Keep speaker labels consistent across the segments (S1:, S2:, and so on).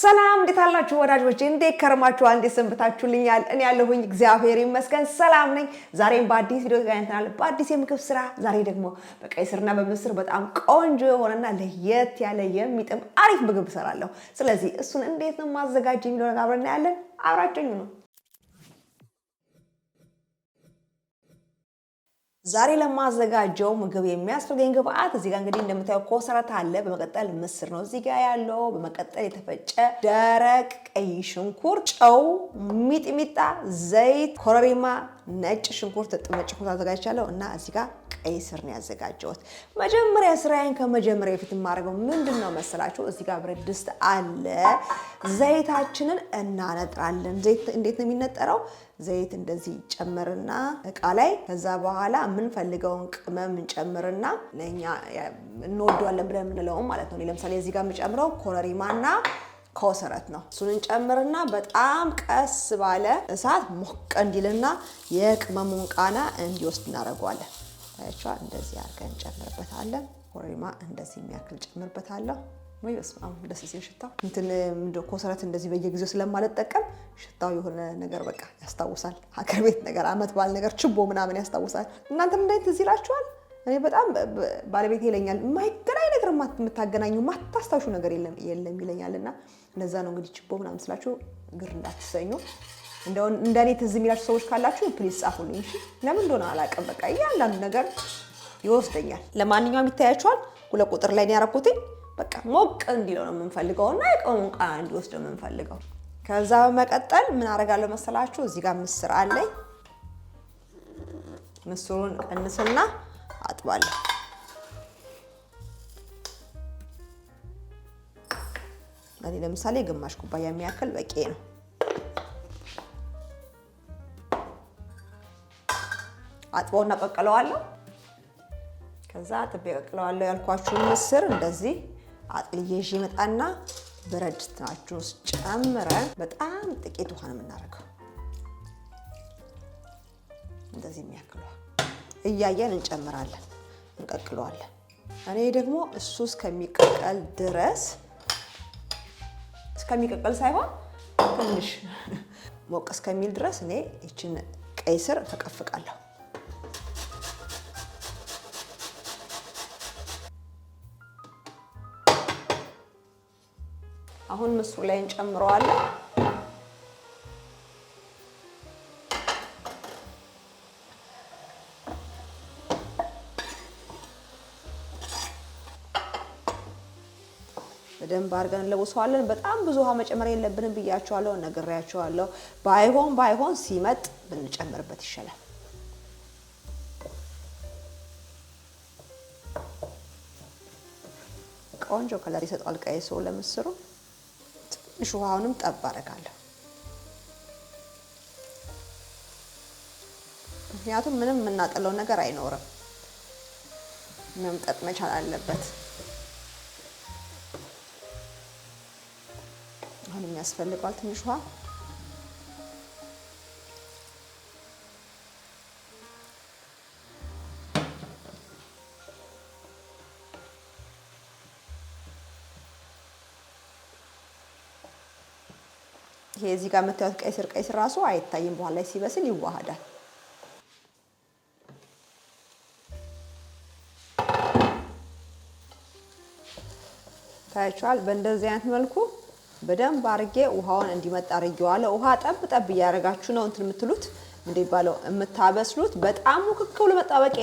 S1: ሰላም እንዴት አላችሁ ወዳጆች? እንዴት ከርማችኋል? እንዴት ሰንብታችሁልኛል? እኔ ያለሁኝ እግዚአብሔር ይመስገን ሰላም ነኝ። ዛሬም በአዲስ ቪዲዮ ተገናኝተናል፣ በአዲስ የምግብ ስራ። ዛሬ ደግሞ በቀይ ስርና በምስር በጣም ቆንጆ የሆነና ለየት ያለ የሚጥም አሪፍ ምግብ እሰራለሁ። ስለዚህ እሱን እንዴት ነው ማዘጋጅ የሚለውን አብረን እናያለን። አብራችሁኝ ነው ዛሬ ለማዘጋጀው ምግብ የሚያስፈልገኝ ግብአት እዚህ ጋር እንግዲህ እንደምታየው ኮሰረት አለ። በመቀጠል ምስር ነው እዚህ ጋር ያለው። በመቀጠል የተፈጨ ደረቅ ቀይ ሽንኩርት፣ ጨው፣ ሚጥሚጣ፣ ዘይት፣ ኮረሪማ ነጭ ሽንኩርት ጥምጥ ሽንኩርት አዘጋጅቻለሁ እና እዚህ ጋር ቀይ ስር ነው ያዘጋጀሁት። መጀመሪያ ስራዬን ከመጀመሪያ በፊት የማደርገው ምንድን ነው መሰላችሁ? እዚህ ጋር ብረት ድስት አለ። ዘይታችንን እናነጥራለን። ዘይት እንዴት ነው የሚነጠረው? ዘይት እንደዚህ ጨምርና እቃ ላይ ከዛ በኋላ የምንፈልገውን ቅመም እንጨምርና ለእኛ እንወደዋለን ብለን የምንለውም ማለት ነው። ለምሳሌ እዚህ ጋር የምጨምረው ኮረሪማና ኮሰረት ነው። እሱን እንጨምርና በጣም ቀስ ባለ እሳት ሞቅ እንዲልና የቅመሙን ቃና እንዲወስድ እናደርገዋለን። ታያቸዋ እንደዚህ አድርገን እንጨምርበታለን። ኮረሪማ እንደዚህ የሚያክል ጨምርበታለሁ። ወይ በስመ አብ ደስ ሲል ሽታ እንትን ኮሰረት እንደዚህ በየጊዜው ስለማልጠቀም ሽታው የሆነ ነገር በቃ ያስታውሳል። ሀገር ቤት ነገር፣ አመት ባል ነገር፣ ችቦ ምናምን ያስታውሳል። እናንተም እንዳይ ትዝ ይላችኋል። እኔ በጣም ባለቤት ይለኛል፣ የማይገናኝ ነገር የምታገናኙ ማታስታውሹ ነገር የለም ይለኛልና እነዛ ነው እንግዲህ ችቦ ምናምን ስላችሁ ግር እንዳትሰኙ። እንደኔ ትዝ የሚላችሁ ሰዎች ካላችሁ ፕሊዝ ጻፉልኝ እሺ። ለምን እንደሆነ አላውቅም። በቃ እያንዳንዱ ነገር ይወስደኛል። ለማንኛውም ይታያችኋል። ሁለት ቁጥር ላይ ነው በቃ ሞቅ እንዲለው ነው የምንፈልገው እና የቀሙን ቃ እንዲወስደው የምንፈልገው። ከዛ በመቀጠል ምን አደርጋለሁ መሰላችሁ? እዚህ ጋር ምስር አለኝ። ምስሩን ቀንስና አጥባለሁ። እኔ ለምሳሌ ግማሽ ኩባያ የሚያክል በቂ ነው። አጥበውና ቀቅለዋለሁ። ከዛ አጥቤ ቀቅለዋለሁ ያልኳችሁን ምስር እንደዚህ አጥልዬ ይዤ መጣና ብረት ድስታችን ውስጥ ጨምረን በጣም ጥቂት ውሃ ነው የምናደርገው። እንደዚህ የሚያክለዋ እያየን እንጨምራለን፣ እንቀቅለዋለን። እኔ ደግሞ እሱ እስከሚቀቀል ድረስ እስከሚቀቅል ሳይሆን
S2: ትንሽ ሞቅ እስከሚል ድረስ
S1: እኔ ይችን ቀይ ስር ፈቀፍቃለሁ። አሁን ምስሩ ላይ እንጨምረዋለን። በደንብ አድርገን እንለውሰዋለን። በጣም ብዙ ውሃ መጨመር የለብንም ብያቸዋለሁ፣ ነግሬያቸዋለሁ። ባይሆን ባይሆን ሲመጥ ብንጨምርበት ይሻላል። ቆንጆ ከለር ይሰጠዋል ቀይ ሰው ለምስሩ። ትንሽ ውሃውንም ጠብ አደርጋለሁ ምክንያቱም ምንም የምናጠለው ነገር አይኖርም። መምጠጥ መቻል አለበት። አሁንም ያስፈልገዋል ትንሽ ውሃ። ይሄ እዚህ ጋር የምታዩት ቀይ ስር ቀይ ስር ራሱ አይታይም፣ በኋላ ላይ ሲበስል ይዋሃዳል። ታያችኋል። በእንደዚህ አይነት መልኩ በደንብ አርጌ ውሃውን እንዲመጣ አርጌዋለሁ። ውሃ ጠብ ጠብ እያደረጋችሁ ነው እንትን የምትሉት እንደ የምታበስሉት። በጣም ሙክክ ብሎ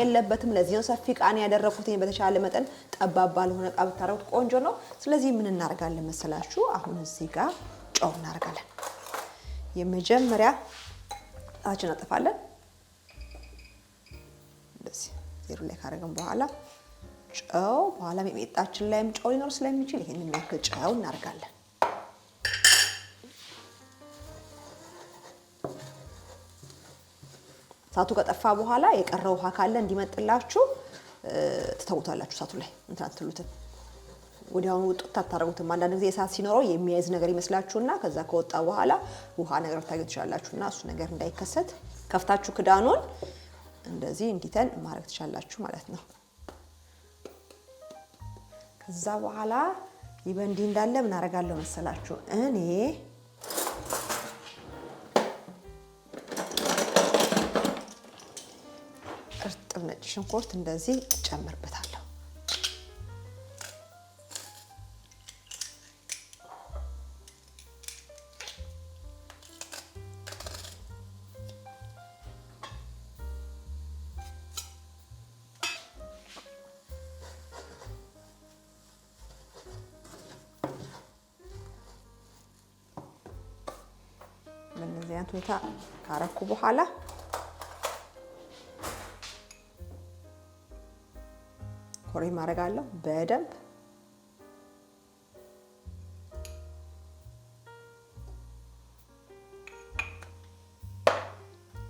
S1: የለበትም። ለዚህ ነው ሰፊ ቃን ያደረኩት። በተሻለ መጠን ጠባብ ባልሆነ እቃ ብታረጉት ቆንጆ ነው። ስለዚህ ምን እናደርጋለን መሰላችሁ? አሁን እዚህ ጋር ጨው እናደርጋለን። የመጀመሪያ ታች አጠፋለን። ዜሮ ላይ ካደረግን በኋላ ጨው በኋላ የሜጣችን ላይም ጨው ሊኖር ስለሚችል ይህንን ያክል ጨው እናደርጋለን። እሳቱ ከጠፋ በኋላ የቀረ ውሃ ካለ እንዲመጥላችሁ ትተውታላችሁ። እሳቱ ላይ እንትን አትሉትም፣ ወዲያውኑ ውጡት አታደርጉትም። አንዳንድ ጊዜ እሳት ሲኖረው የሚያይዝ ነገር ይመስላችሁና ከዛ ከወጣ በኋላ ውሃ ነገር ልታገኙ ትችላላችሁና እሱ ነገር እንዳይከሰት ከፍታችሁ ክዳኑን እንደዚህ እንዲተን ማድረግ ትችላላችሁ ማለት ነው። ከዛ በኋላ ይህ እንዳለ ምን አደርጋለሁ መሰላችሁ እኔ ሽንኩርት እንደዚህ ጨምርበታለሁ በእነዚህ አይነት ሁኔታ ካረኩ በኋላ ኮሬ ማድረጋለሁ በደንብ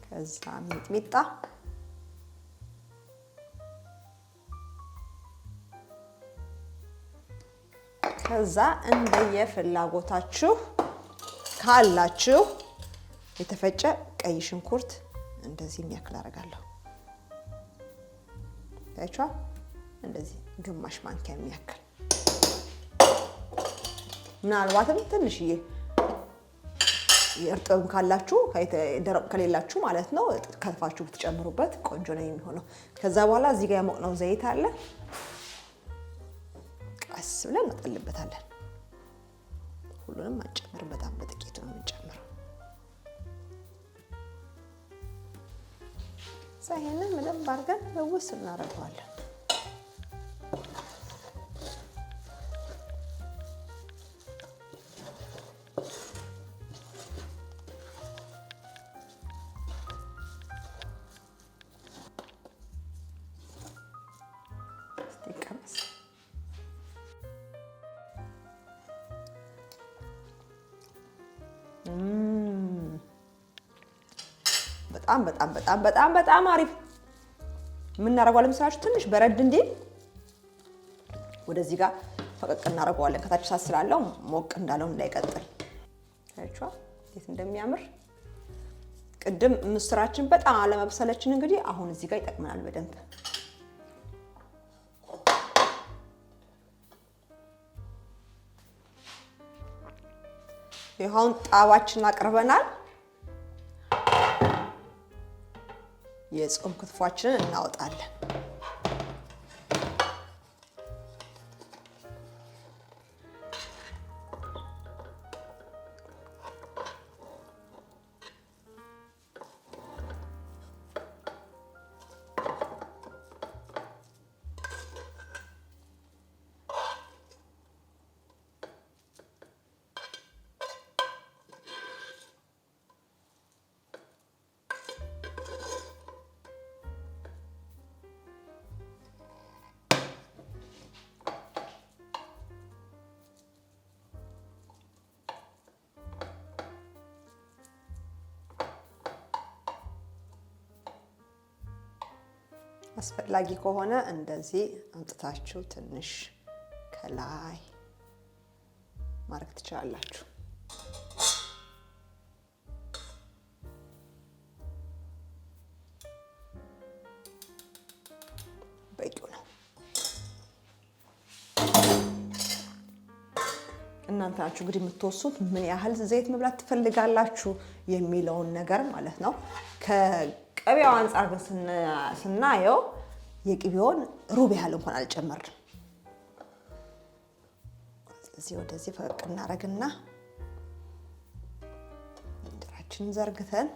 S1: ከዛ ሚጥሚጣ ከዛ እንደየ ፍላጎታችሁ ካላችሁ የተፈጨ ቀይ ሽንኩርት እንደዚህ የሚያክል አደርጋለሁ ታያችኋል። እንደዚህ ግማሽ ማንኪያ የሚያክል ምናልባትም ትንሽዬ እርጥብም ካላችሁ ደረቅ ከሌላችሁ ማለት ነው ከትፋችሁ ብትጨምሩበት ቆንጆ ነው የሚሆነው። ከዛ በኋላ እዚህ ጋር የሞቅነው ዘይት አለ፣ ቀስ ብለን እንጠልበታለን። ሁሉንም አንጨምርም፣ በጣም በጥቂቱ ነው የምንጨምረው። ይሄንን በደንብ አድርገን ውስ እናደርገዋለን። ይቀመስ። mmm. በጣም በጣም በጣም በጣም በጣም አሪፍ የምናደርገዋለን መሰላችሁ። ትንሽ በረድ እንዴ ወደዚህ ጋር ፈቀቅ እናደርገዋለን። ከታች ሳት ስላለው ሞቅ እንዳለው እንዳይቀጥል ታያችኋ እንዴት እንደሚያምር ቅድም ምስራችን በጣም አለመብሰለችን እንግዲህ አሁን እዚህ ጋር ይጠቅመናል በደንብ ይኸውን ጣባችን አቅርበናል። የጾም ክትፏችንን እናወጣለን። አስፈላጊ ከሆነ እንደዚህ አምጥታችሁ ትንሽ ከላይ ማድረግ ትችላላችሁ። በቂው ነው። እናንተ ናችሁ እንግዲህ የምትወሱት ምን ያህል ዘይት መብላት ትፈልጋላችሁ የሚለውን ነገር ማለት ነው። ከቅቤው አንጻር ግን ስናየው የቅቤውን ሩብ ያህል እንኳን አልጨመርንም። እዚህ ወደዚህ ፈቅ እናደርግና ድራችንን ዘርግተን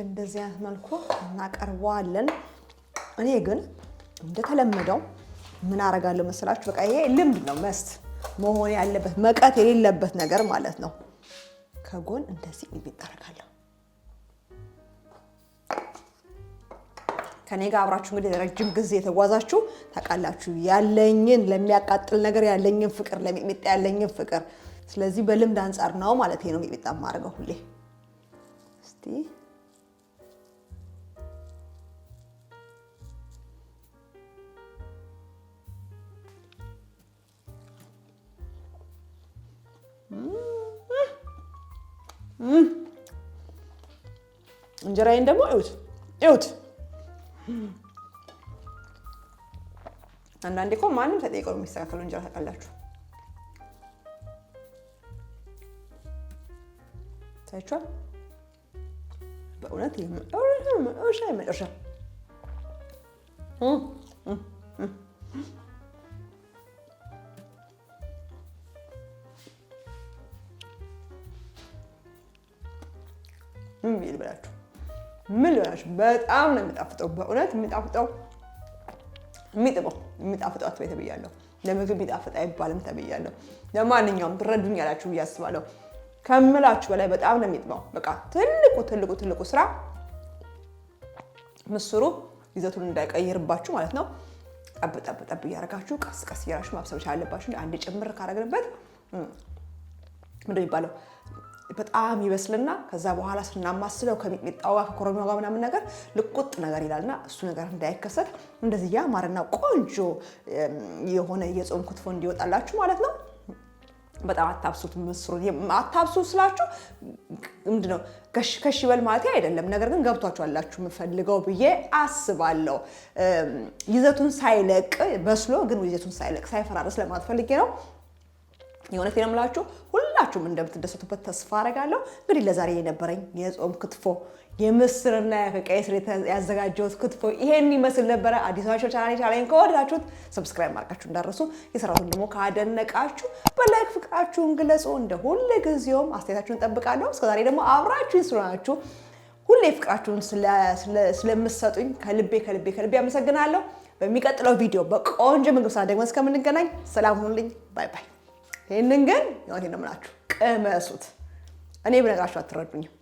S1: በእንደዚህ አይነት መልኩ እናቀርበዋለን። እኔ ግን እንደተለመደው ምን አረጋለሁ መሰላችሁ? በቃ ይሄ ልምድ ነው፣ መስት መሆን ያለበት መቀት የሌለበት ነገር ማለት ነው። ከጎን እንደዚህ ሚጥሚጣ አደርጋለሁ። ከኔ ጋር አብራችሁ እንግዲህ ረጅም ጊዜ የተጓዛችሁ ታውቃላችሁ፣ ያለኝን ለሚያቃጥል ነገር ያለኝን ፍቅር፣ ለሚጥሚጣ ያለኝን ፍቅር። ስለዚህ በልምድ አንጻር ነው ማለት ነው ሚጥሚጣ የማደርገው ሁሌ እስቲ እንጀራዬን ደግሞ እዩት እዩት። አንዳንዴ እኮ ማንም ተጠይቀው የሚስተካከለው እንጀራ ታውቃላችሁ። ታይቷል። በእውነት የመጨረሻ የመጨረሻ ምን ልሆናችሁ፣ በጣም ነው የሚጣፍጠው። በእውነት የሚጣፍጠው የሚጥመው የሚጣፍጠው አትበይ ተብያለሁ። ለምግብ የሚጣፍጥ አይባልም ተብያለሁ። ለማንኛውም ትረዱኝ ያላችሁ ብዬ አስባለሁ። ከምላችሁ በላይ በጣም ነው የሚጥመው። በቃ ትልቁ ትልቁ ትልቁ ስራ ምስሩ ይዘቱን እንዳይቀይርባችሁ ማለት ነው። ጠብ ጠብ ጠብ እያደረጋችሁ ቀስ ቀስ እያላችሁ ማብሰብ አለባችሁ። አንድ ጭምር ካረግንበት ምንድን የሚባለው በጣም ይበስልና ከዛ በኋላ ስናማስለው ከሚጥሚጣው ጋር ከኮረሚያው ጋር ምናምን ነገር ልቁጥ ነገር ይላልና እሱ ነገር እንዳይከሰት እንደዚህ ያማረና ቆንጆ የሆነ የጾም ክትፎ እንዲወጣላችሁ ማለት ነው። በጣም አታብሱት። ምስሩን አታብሱት ስላችሁ ምንድነው ነው ከሽ ይበል ማለት አይደለም። ነገር ግን ገብቷችሁ አላችሁ የምፈልገው ብዬ አስባለሁ። ይዘቱን ሳይለቅ በስሎ ግን ይዘቱን ሳይለቅ ሳይፈራረስ ለማትፈልጌ ነው። የእውነቴን ነው የምላችሁ። ሁላችሁም እንደምትደሰቱበት ተስፋ አረጋለሁ። እንግዲህ ለዛሬ የነበረኝ የጾም ክትፎ የምስርና የቀይ ስር ያዘጋጀሁት ክትፎ ይሄን ይመስል ነበረ። አዲስ አበባ ቻናል ቻላኝ ከወደዳችሁት ሰብስክራይብ ማድረጋችሁ እንዳረሱ የሰራሁትን ደግሞ ካደነቃችሁ በላይክ ፍቅራችሁን ግለጹ። እንደ ሁል ጊዜውም አስተያየታችሁን ጠብቃለሁ። እስከዛሬ ደግሞ አብራችሁን ስለሆናችሁ ሁሌ ፍቅራችሁን ስለምሰጡኝ ከልቤ ከልቤ ከልቤ አመሰግናለሁ። በሚቀጥለው ቪዲዮ በቆንጆ ምግብ ደግሞ እስከምንገናኝ ሰላም ሁኑልኝ። ባይ ባይ። ይህንን ግን የሆነ እንደምላችሁ ቅመሱት። እኔ ብነግራችሁ አትረዱኝም።